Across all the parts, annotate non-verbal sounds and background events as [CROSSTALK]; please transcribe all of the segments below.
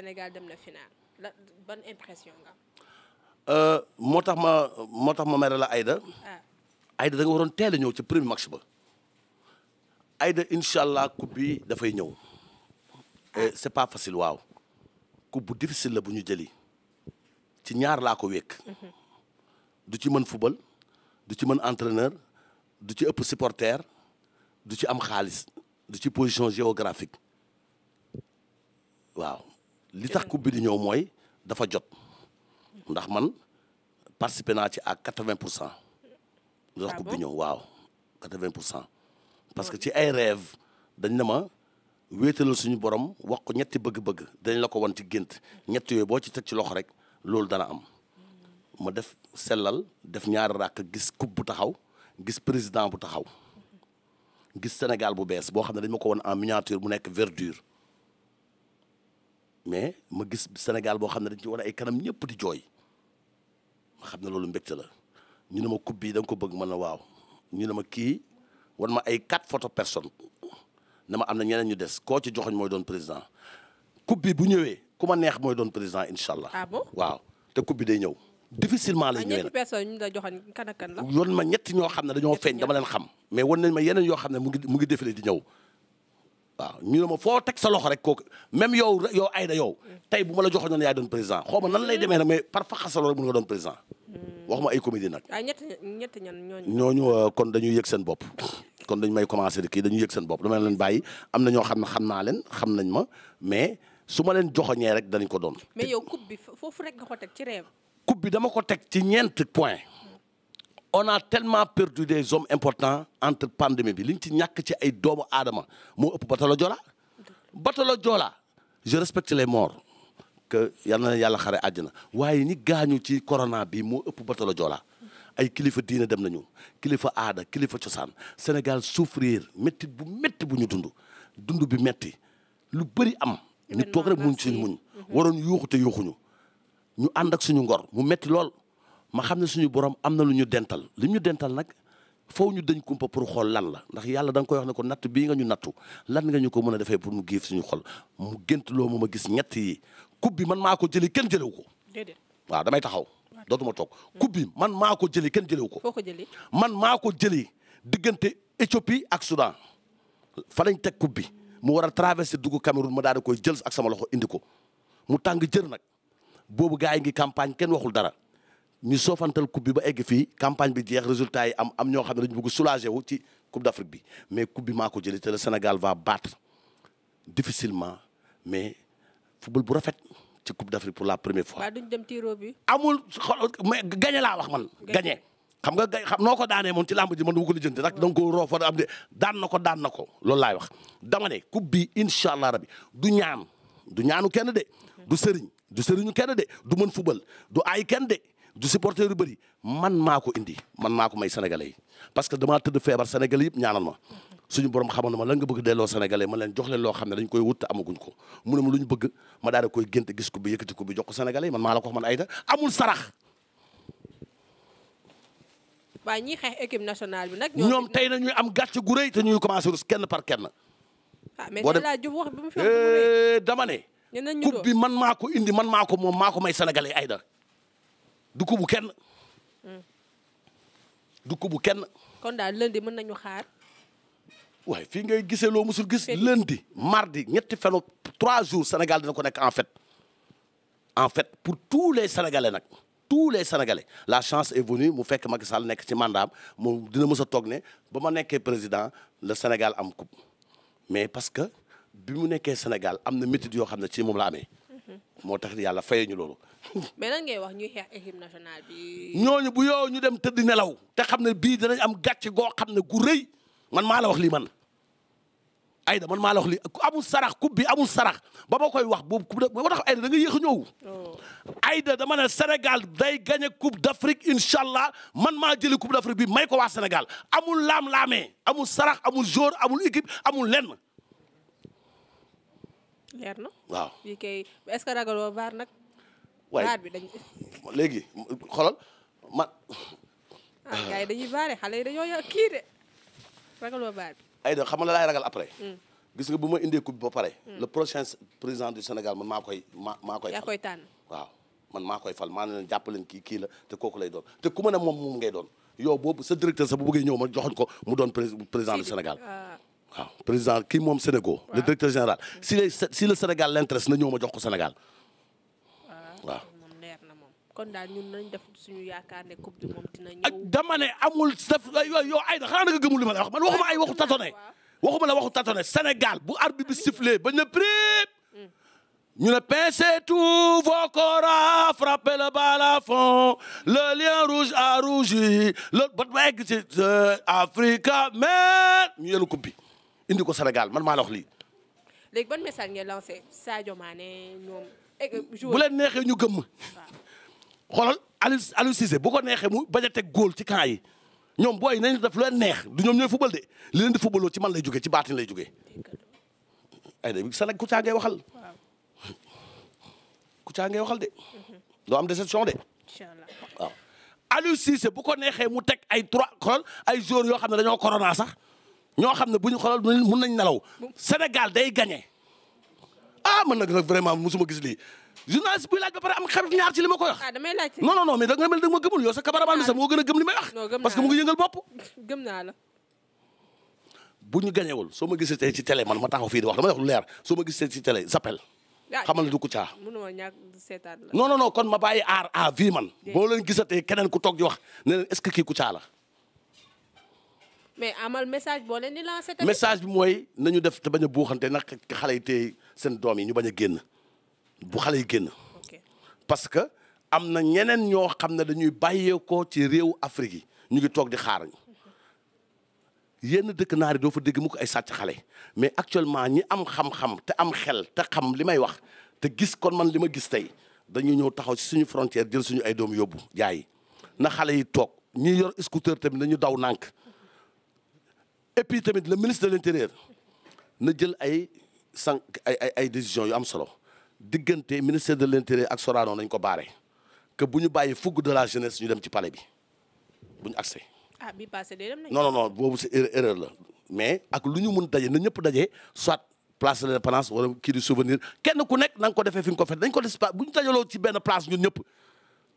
Sénégal dem na ban impression nga am. Euh, moo tax ma moo tax ma mere la ayda ah. Aïda da nga waroon teel a ñëw ci premier match ba. Aïda incha allah coupe bi dafay ñëw. Ah. c'est pas facile waaw. coupe bu difficile la bu ñu jëli. ci ñaar laa ko wékk. Mhm. du ci mën football du ci mën entreneur du ci ëpp supporter du ci am xaalis du ci position géographique waaw li tax coupe bi di ñëw mooy dafa jot ndax man participé naa ci ak quatre-vingt pour cent li tax ah coupe bi ñëw waaw quatre-vingt pour cent parce que ci ay rêve dañ ne ma wéetalal suñu borom wax ko ñetti bëgg-bëgg dañ la ko wan ci gént ñetti yooyu boo ci teg ci loxo rek loolu dana am ma def sellal def ñaari ràkk gis coupe bu taxaw gis président bu taxaw gis Sénégal bu bees boo xam ne dañ ma ko wan en miniature mu nekk verdure mais ma gis Sénégal boo xam ne dañ ci war ay kanam ñëpp di jooy ma xam ne loolu mbégte la ñu ne ma coupe bi da ko bëgg ma na waaw ñu ne ma kii wan ma ay quatre photo person na ma am na ñeneen ñu des koo ci joxoñ mooy doon président coupe bi bu ñëwee ku ma neex mooy doon président incha allah. Ah waaw te coupe bi ñëw. difficilement la ah, ñëwee nag personne ñu la joxoon kan ak kan la. yoon ma ñetti ñoo xam ne dañoo feeñ dama leen xam. mais wan nañ ma yeneen yoo xam ne mu ngi mu ngi défilé di ñëw. waaw ñu ne ma foo teg sa loxo rek kooku même yow yow Aïda yow tey bu ma la joxoon ne yaay doon président xaw ma nan lay demee nag mais par faxasalo rek mën nga doon président hmm. wax ma ay comédie nag. waaw ñett euh, kon dañuy yëg seen bopp kon dañu may commencé di kii dañuy yëg seen bopp dama na ñoo xam ne xam naa leen xam nañ ma mais ma leen joxoñee rek danañ ko doon. mais foofu rek ko teg ci réew. coupe bi dama ko teg ci ñeent point on a tellement perdu des hommes importants entre pandémie bi li ñu ci ñàkk ci ay doomu aadama moo ëpp Batalo Joola Batalo Joola je respecte les morts que yal na yàlla xare àjjana waaye ñi gaañu ci corona bi moo ëpp Batalo Joola ay kilifa diine dem nañu kilifa aada kilifa cosaan Sénégal souffrir métti bu métti bu ñu dund dund bi métti lu bëri am ñu toog rek muñ suñu muñ waroon yuuxute yuuxuñu ñu ànd ak suñu ngor mu métti lool ma xam ne suñu borom am na lu ñu dental lu ñu dental nag foo ñu deñ kumpa pour xool lan la ndax yàlla da nga koy wax ne ko natt bii nga ñu nattu lan nga ñu ko mën a defee pour mu giif suñu xol mu gënt loo ma gis ñett yi coupe bi man maa ko jëli kenn jëlewu ko. déedéet damay taxaw dootuma toog. coupe hmm. bi man maa ko jëli kenn jëlewu ko. foo ko jëli man maa ko jëli diggante Éthiopie ak Soudan fa lañ teg coupe bi mu war a traversé dugg Cameroun ma daal di koy jël ak sama loxo indi ko mu tàng jër nag boobu gars yi ngi campagne kenn waxul dara. ñu soofantal coupe bi ba egg fii campagne bi jeex résultat am am xam ne dañu soulager wu ci coupe d'Afrique bi mais coupe bi maa ko jëlee te le Sénégal va battre difficilement mais football bu rafet ci coupe d'Afrique pour la première fois. waaw duñ dem tiro bi. amul xool laa wax man. gagné xam nga gay xam noo ko daanee moom ci làmb ji man du ma ko lijjanti rek da nga ko roof am daan na ko daan na ko loolu laay wax. dama ne coupe bi incha allah rabi du ñaan du ñaanu kenn de. du sëriñ du sëriñu kenn de du mën football du ay kenn du supporter yu bëri man maa ko indi man maa ko may sénégalais yi parce que damaa tëdd feebar sénégalais yëpp ñaanal ma suñu borom xamal ma lan nga bëgg delloo sénégalais ma leen jox leen loo xam ne dañ koy wut te amaguñ ko mu ne ñu bëgg ma daal di koy gént gis ko bi yëkkati ko bi ko sénégalais yi man maa la ko wax man ayda amul sarax. waa bi nag. ñoom tey na ñuy am gàcce gu rëy te ñuy commencé kenn par kenn. ah mais wax eh, dama ne. coupe bi man maa ko indi man maa ko moom maa ko may sénégalais ayda du kubu kenn. Mm. du kubu kenn. kon daal lundi mën nañu xaar. waaye fii ngay gisee loo musul gis lundi mardi ñetti fenu trois jours Sénégal dina ko nekk en fête en fête pour tous les sénégalais nag tous les sénégalais la chance est venue mu fekk Macky Sall nekk ci mandaam moom dina mës a toog ne ba ma nekkee président le Sénégal am coupe mais parce que bi mu nekkee Sénégal am na méthode yoo xam ne ci moom la amee. moo tax yàlla fayee ñu loolu. mais lan ngay wax ñuy xeex équipe nationale bi. ñooñu bu yow ñu dem tëdd nelaw te xam ne bii danañ am gàcce goo xam ne gu rëy man maa la wax lii man. Aïda man maa la wax lii amul sarax coupe bi amul sarax ba ma koy wax boobu coupe moo tax Aïda da nga yéex a ñëw. Oh. Aïda dama ne Sénégal day gagné coupe d' Afrique incha allah man maa jëli coupe d' bii may ko waa Sénégal amul laam-laamee amul sarax amul jour amul équipe amul lenn. leer na waaw yi kay est-ce que baar nag. bi dañ léegi xoolal man. ah gars yi dañuy baare xale yi dañoo kii de ragaloo baar bi. ay da xam nga ragal après. Hmm. gis bu ma indee coupe ba pare. Hmm. le prochain président du Sénégal man maa koy maa maa koy. yaa koy tànn waaw man maa koy fal maa ne leen jàppaleen kii kii la te kooku lay doon te ku ma ne moom moom ngay doon yow boobu sa directeur sax bu bëggee ñëw ma joxoñ ko mu doon président du Sénégal. Ah. waaw président kii moom Sénégal le directeur général si le Sénégal l'intéresse na ñëw ma jox ko Sénégal waaw. kon daal ñun nañ def suñu yaakaar ne coupe bi moom amul def yow ay xanaa nga gëmul li ma la wax man waxuma ay waxu tatone waxuma la waxu tatone Sénégal bu arbitre bi sifflé bañ na prip mm. ñu ne pincez tous vos koras frappez le bal à fond le lion rouge a rougi le bat ma euh, Africa mais ñu yenu coupe indi ko Sénégal man maa la wax lii. léegi ban message ngeen lancé Sadio bu leen neexee ñu gëmm. xoolal Aliou Aliou Cissé bu ko neexee mu bañ a teg góol ci camp yi ñoom booy nañu def lu leen neex du ñoom ñooy fubal de li leen di fubaloo ci man la jógee ci baatin lay jógee. ay de Sénégal ku caa waxal. ku caa waxal de. Mhm. doo am déception de. incha allah waaw Aliou bu ko neexee mu teg ay trois xool ay joueurs yoo xam ne dañoo corona sax. ñoo xam ne bu ñu xoolal mun nañ nelaw Sénégal day gagné ah man nag vraiment musuma gis lii journaliste buy laaj ba pare am xarit ñaar ci li ma koy wax. ah damay laajte non non non mel ne ma gëmul yow sa caméraman bi moo gën a gëm li may wax. [LAUGHS] naa la. bu ñu gañewul soo ma gisee tey ci télé man ma taxaw fii di wax dama wax lu ma gisee ci télé zappel. Ah, xamal ne du Kouthia. mënuma ñàkk seetaan la. non non non kon ma bàyyi aar à vie man. boo leen gisatee keneen ku toog ji wax ne leen est-ce kii Kouthia la mais amal message boo leen di lancé message bi mooy nañu def te bañ a buuxante nag xale yi tey seen doom yi ñu bañ a génn bu xale yi génn. parce que am na ñeneen ñoo xam ne dañuy bàyyeekoo ci réewu Afrique yi ñu ngi toog di xaar ñu dëkk naar yi doo fa dégg mu ko ay sàcc xale mais actuellement ñi am xam-xam te am xel te xam li may wax te gis kon man li ma gis tey dañuy ñëw taxaw ci suñu frontière jël suñu ay doom yóbbu jaay na xale yi toog ñi yor scooter tamit nañu daw nànk. et puis tamit le ministre de l'intérieur na jël ay sànq ay ay ay décisions yu am solo diggante ministère de l'intérieur ak Sorano nañ ko baare que bu ñu bàyyi fougue de la jeunesse ñu dem ci palais bi bu ñu accès. ah bi passé de dem nañ non boobu c'est er-, erreur la mais ak lu ñu mun daje na ñëpp daje soit place de l'Indépendance wala kii di souvenir kenn ku nekk na nga ko defee fi nga ko fekk ko des bu ñu dajaloo ci benn place ñun ñëpp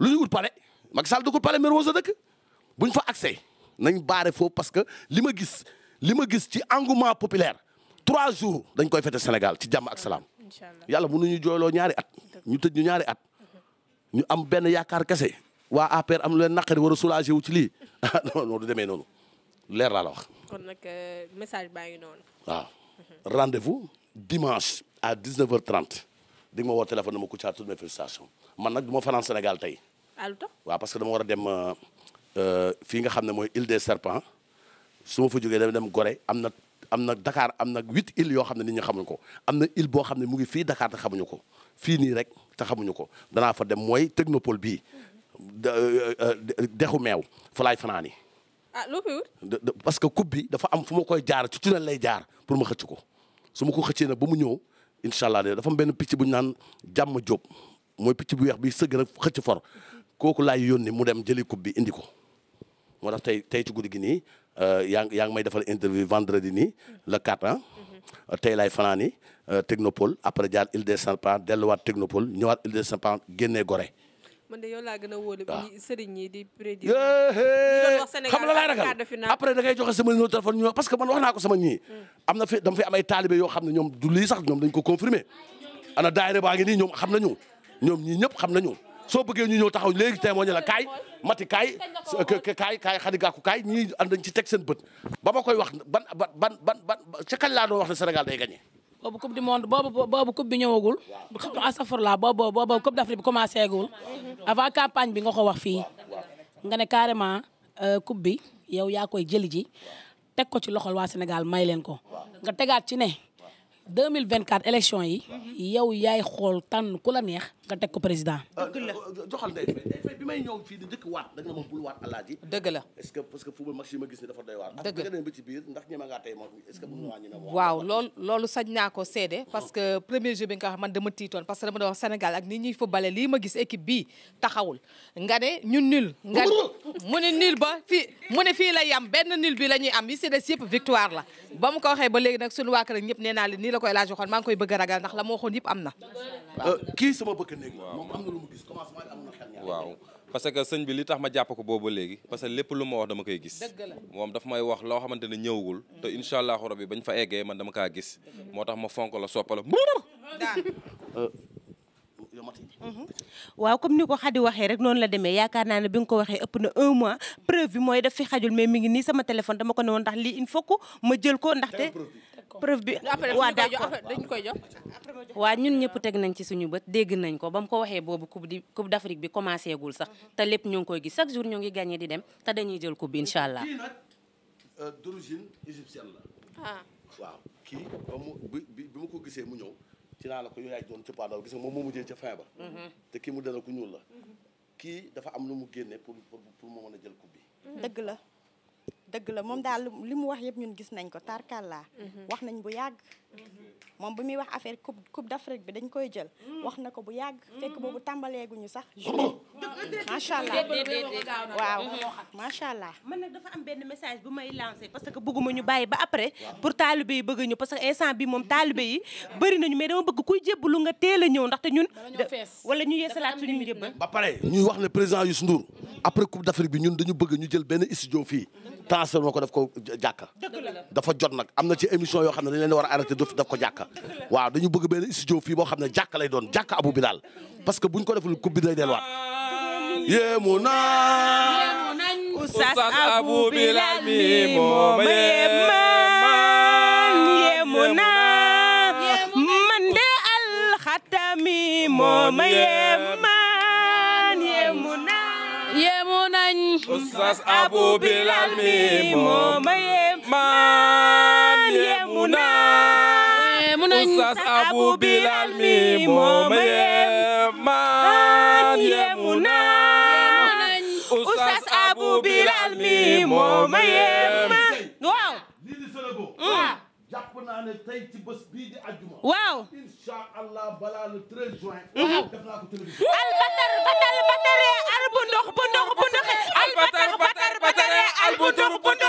lu ñu ut palais Macky Sall dëkkul palais Mermoz la dëkk bu ñu fa accès nañ baare foofu parce que li ma gis. li ma gis ci engouement populaire trois jours dañ koy fete Sénégal ci jàmm ak salaam. yàlla mënuñu jooyloo ñaari at. ñu tëj ñu ñaari at. ñu am benn yaakaar kese. waa APR am lu leen naqari war a soulagé wu ci lii ah [LAUGHS] demee noonu leer laa la wax. kon euh, baa ngi noonu. waaw rendez-vous dimanche à 19h30 di nga ma woo téléphone dama Kouthia toutes mes félicitations man nag du ma Sénégal tey. Ah, waaw parce que dama war a dem euh, euh, fii nga xam ne mooy Île des Serpents. su ma fa jógee dama dem gore am na am na Dakar am na huit îles yoo xam ne nit ñi xamuñ ko am na île boo xam ne mu ngi fii Dakar te xamuñu ko fii nii rek te xamuñu ko danaa fa dem mooy technopole bii euh, euh, dexu meew fa laay fanaani ah parce que coupe bi dafa am fu ma koy jaar ci tunnel lay jaar pour ma xëcc ko su ma ko xëccee nag ba mu ñëw incha allah dafa am benn picc bu ñu naan jàmm jóob mooy picc bu weex bi sëgg rek xëcc for kooku laay yónni mu dem jëli coupe bi indi ko moo tax tey tey ci guddi gi nii Euh, yaa ngi yaa ngi may defal interview vendredi nii le 4 ans mhm. tey laay fanaan ni euh, technopole après jaar Île des Serpents delluwaat technopole ñëwaat Île des Serpents génnee Gorée. de yow laa gën a wóolu bi ah. sëriñ ñi di prédire. xam la laay ragal après da ngay joxe sama numéro téléphone ñu parce que man wax naa ko sama ñii. Mm. am na fi dama fi yoo xam ne ñoom du lii sax ñoom dañ ko confirmer ana daayira baa ngi nii ñoom xam nañu ñoom ñii ñëpp xam nañu. soo bëggee ñu ñëw taxaw léegi témoigné la kaay mati kaay kaay kaay xadi gàkku kaay ñii ànd nañ ci teg seen bët ba ma koy wax ban ban ban ban ca kañ laa doon wax ne Sénégal day gagné boobu coupe du monde boobu boobu coupe bi ñëwagul astafurlaa boobu boobu coupe d'Afrique bi commencé gul avant campagne bi nga ko wax fii nga ne carrément euh, coupe bi yow yaa koy jëli ji teg ko ci loxol waa Sénégal may leen ko nga tegaat ci ne deux mille vingt quatre élection yi. yow yaay xool tànn ku la neex nga teg ko président. Ah, euh, joxal day fay bi may ñëw di njëkk waat da nga ne moom bul waat alaaji. dëgg la est-ce que parce dëgg la waaw loolu loolu sañ naa ko seede. Ah. parce que premier jeu bi nga xam man dama tiitoon parce que dama doon wax Sénégal ak ni ñuy footballé lii ma gis équipe bii taxawul. nga ne ñu nil nga mu ne nul ba fii mu ne fii la yam benn nul bi la ñuy am yi si des yëpp victoire la ba mu ko waxee ba léegi nag suñu waa kër ñëpp nee naa leen nii la koy laaj waxoon maa ngi koy bëgg a ragal ndax la euh, kii sama bëkk néeg mu gis commencement am na xel parce que sëñ bi li tax ma jàpp ko boobu léegi parce que lépp lu ma wax dama koy gis moom daf may wax loo xamante ne ñëwagul te incha allahu rabi bañ fa eggee man dama kaa gis moo tax ma fonk la soppala Mm-hmm. waaw comme ni ko Khady waxee rek noonu la demee yaakaar naa ne bi nga ko waxee ëpp na un mois preuve bi mooy daf fi xajul mais mi ngi nii sama téléphone dama ko ne woon ndax lii il faut que ma jël ko ndaxte preuve bi waaw dañ koy jox waaw ñun ñëpp teg nañ ci suñu bët dégg nañ ko ba mu ko waxee boobu coupe di coupe d'Afrique bi commencé gul sax mm-hmm. te lépp ñoo ngi koy gis chaque jour ñoo ngi gagné di dem te dañuy jël coupe bi incha allah euh, d'origine égyptienne la ah. waaw ci naa la ko yow yaay doon ci paadaw gis nga moom moo mujjee ca fin ba mhm. te kii mu dana ku ñuul la mhm. kii dafa am lu mu génne pour pour mu mën a jël coupe mhm. dëgg la dëgg la moom daal li mu wax yëpp ñun gis nañ ko tarkalla wax nañ bu yàgg moom bu muy wax affaire coupe coupe d'Afrique bi dañ koy jël. Mm. wax na ko bu yàgg. Mm-hmm. fekk boobu tàmbaleeguñu sax. [COUGHS] macha allah waaw macha allah. man nag dafa am benn message bu may lancé parce que bëgguma ñu bàyyi ba après pour taalibe yi bëgg ñu parce que instant bi moom taalibe yi bëri nañu mais dama bëgg kuy jébbalu nga teel a ñëw ndaxte ñun. wala ñu yeesalaat suñu njëbbal. ba pare ñuy wax ne président Youssou Ndour après coupe d'Afrique bi ñun dañu bëgg ñu jël benn studio fii. transfert moo Diouf daf ko jàkka waaw dañu bëgg benn studio fii boo xam ne jàkka lay doon jàkka Abou Bilal parce que buñ ko deful coupe bi day delluwaat yéemu naa Oustaz Abou Bilal mi mooma yéemaan yéemu naa man de alxatami mooma yéemaan yéemu naa yéemu nañ Oustaz Abou Bilal mi mooma yéemaan nañ Oustaz Abu Bilal mi mooma yem maan yemu nañ Oustaz Abu Bilal mi mooma yem mm. waaw jàpp naa ne tey ci bés bii di àjjuma. waaw incha allah balaa le 13 juin. Mm-hmm. def naa ko télévision. al batar batar batare al bu ndox bu ndox bu ndox. al batar batar batare al bu ndox bu ndox.